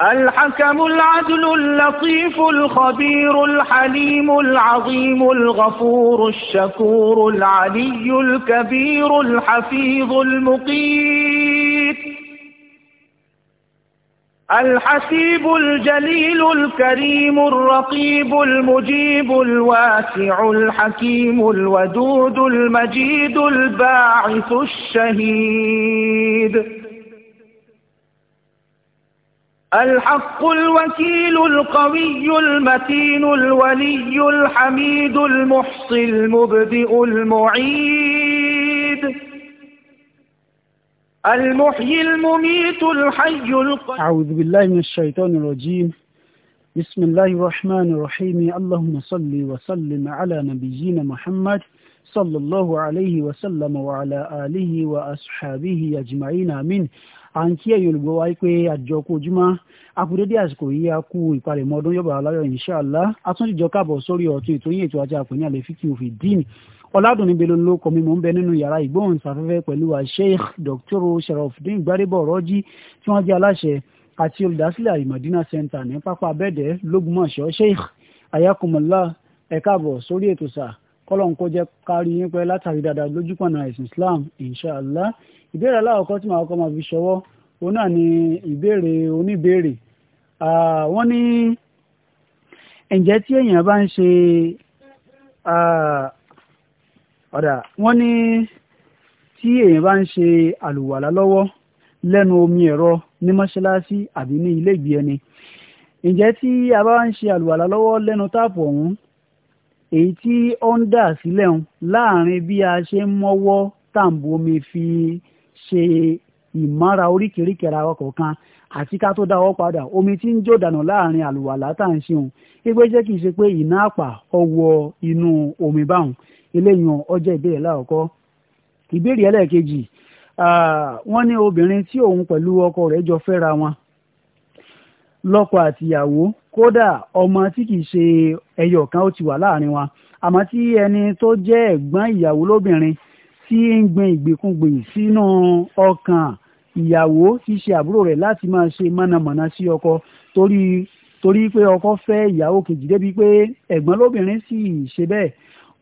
الحكم العدل اللطيف الخبير الحليم العظيم الغفور الشكور العلي الكبير الحفيظ المقيت الحسيب الجليل الكريم الرقيب المجيب الواسع الحكيم الودود المجيد الباعث الشهيد الحق الوكيل القوي المتين الولي الحميد المحصي المبدئ المعيد المحيي المميت الحي القيوم أعوذ بالله من الشيطان الرجيم بسم الله الرحمن الرحيم اللهم صل وسلم على نبينا محمد صلى الله عليه وسلم وعلى آله وأصحابه أجمعين آمين à ń kí ẹ̀yin olùgbọ́ wa pé àjọ kó ojúmọ́ akudédé àsìkò yìí a kú ìpalẹ̀mọ́ ọdún yọ̀bà aláyọ̀ inṣàlá àtúndìjọ káàbọ̀ sórí ọ̀tún ètò yìí ètò ajá àpèní àlẹ́ fíkì òfin dín ọ̀làdùnní belo ló kọ́ mi mò ń bẹ nínú yàrá ìgbóhùnsáfẹ́fẹ́ pẹ̀lú wa sheikh dr sharafdin gbadebo ọ̀rọ́jì tí wọ́n jẹ́ aláṣẹ àti olùdásílẹ̀ àlìmọ̀dínà center ní pápá abẹ́dẹ̀ lógúnmọ̀ṣọ́ sheikh ayakumọ̀lá ẹ káàbọ̀ sórí ètò sà kọ́lọ́n kó jẹ́ kárí yín pẹ́ látàrí dáadáa lójúpọ̀nà ẹ̀sìn islam inshallah ìbéèrè aláwọ̀kọ́ tí màá kọ́ máa fi ṣọwọ́ òun náà ni ìbéèrè oníbéèrè wọ́n ní ǹjẹ́ tí èèyàn bá ń ṣe ọ̀dà wọ́n ní tí èèyàn bá ń ṣe àlùwàlá lọ́wọ́ lẹ́nu omi ẹ̀rọ ní mọ́ṣáláṣí àbí ní ilé ìgbé ẹni ǹjẹ́ tí a bá ń ṣe àlùwàlá lọ́wọ́ lẹ́nu táàpù ọ̀hún èyí tí ó ń dà sílẹ̀ ń láàrin bí a ṣe ń mọ́wọ́ tàǹbù omi fi ṣe ìmọ́ra oríkèéríkèé ara kọ̀ọ̀kan àti ká tó dáwọ́ padà omi tí ń jó dànù láàrin àlùwàlá tá à ń ṣeun gbígbé jẹ́ kì í ṣe pé iná àpà ọwọ́ inú omi báwọn eléyìí ọjọ́ ìbéèrè láàkọ́ ìbéèrè ẹlẹ́ẹ̀kejì wọ́n ní obìnrin tí òun pẹ̀lú ọkọ rẹ̀ jọ fẹ́ra wọn lọ́kọ àtìyàwó kódà ọmọ tí kìí ṣe ẹyọ kan ó ti wà láàrin wọn àmọ́ tí ẹni tó jẹ́ ẹ̀gbọ́n ìyàwó lóbìnrin tí ń gbin ìgbèkúngbìn sínú ọkàn ìyàwó tí ṣe àbúrò rẹ̀ láti máa ṣe mọ̀nàmọ́ná sí ọkọ torí torí pé ọkọ fẹ́ ìyàwó kejì débi pé ẹ̀gbọ́n lóbìnrin sì ṣe bẹ́ẹ̀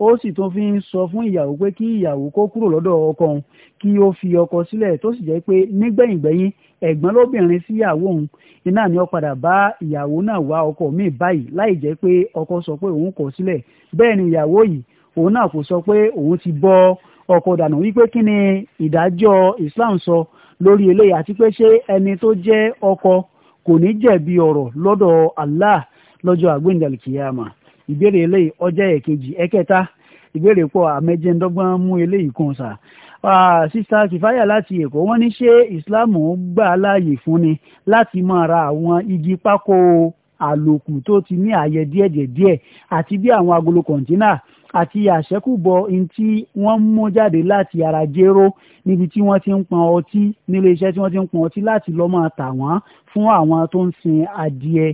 ó sì tún fi ń sọ fún ìyàwó pé kí ìyàwó kó kúrò lọ́dọ̀ ọkọ òun kí ó fi ọkọ sílẹ̀ tó sì jẹ́ pé nígbẹ̀yìngbẹ̀yìn ẹ̀gbọ́n lóbìnrin síyàwó òun iná ni ó padà bá ìyàwó náà wá ọkọ míì báyìí láì jẹ́ pé ọkọ sọ pé òun kọ̀ sílẹ̀ bẹ́ẹ̀ ni ìyàwó yìí òun náà kò sọ pé òun ti bọ́ ọkọ dànù wípé kí ni ìdájọ́ Islam sọ lórí eléyìí àti pé ṣé ẹni tó jẹ́ ọkọ kò ní jẹ̀bi ọ̀rọ̀ lọ́dọ̀ Allah lọ́jọ́ àgbéǹdàlùkìyàmà ìbéèrè eléyìí ọjọ́ ẹ̀kejì ẹ̀kẹta ìbéèrè pọ̀ àmẹ́jẹ̀ndọ́gbọ́n mú eléyìí kan sà sísá kìfáyà láti èkó wọ́n ní ṣé ìsìláàmù gbà láàyè fúnni láti máa ra àwọn igi pákó àlòkù tó ti ní àyẹ díẹ̀díẹ̀ àti bí àwọn agolo kọ̀ǹtínà àti àṣẹ́kùbọ̀ ntí wọ́n mú jáde láti ara jéró níbi tí wọ́n ti ń pọn ọtí nílé iṣẹ́ tí wọ́n ti ń pọn ọtí láti lọ́ máa tà wọ́n fún àwọn tó ń sin adìẹ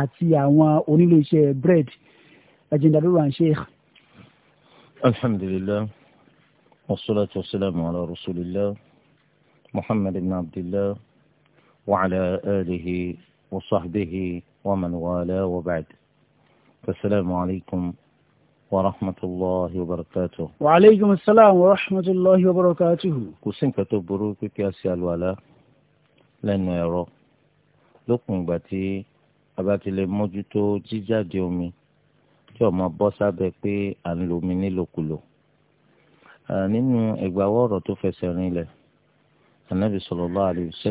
àti àwọn onílé iṣẹ́ bírèdì ajínigbàdúró à ń ṣe. alhamdulilayi wasalaatu wasalaamu ala rasulillah muhammad ibn abdillah wa ala alihi wa sahbihi wa man wala wa ba'd asalaamu alaykum wa rahmatulahi wa barakatuhu. wa aleykum salaam wa rahmatulahi wa barakatuhu. kò sí nǹkan tó burú pípẹ́ àṣẹ àlùwàlá lẹ́nu ẹ̀rọ lókun ìgbà tí a bá ti lè mójútó jíjáde omi kí ọmọ bọ́ sábẹ́ pé à ń lomi nílòkulò nínú ìgbàwọ́ ọ̀rọ̀ tó fẹsẹ̀ rinlẹ̀ anabi sallallahu alaihi wasallam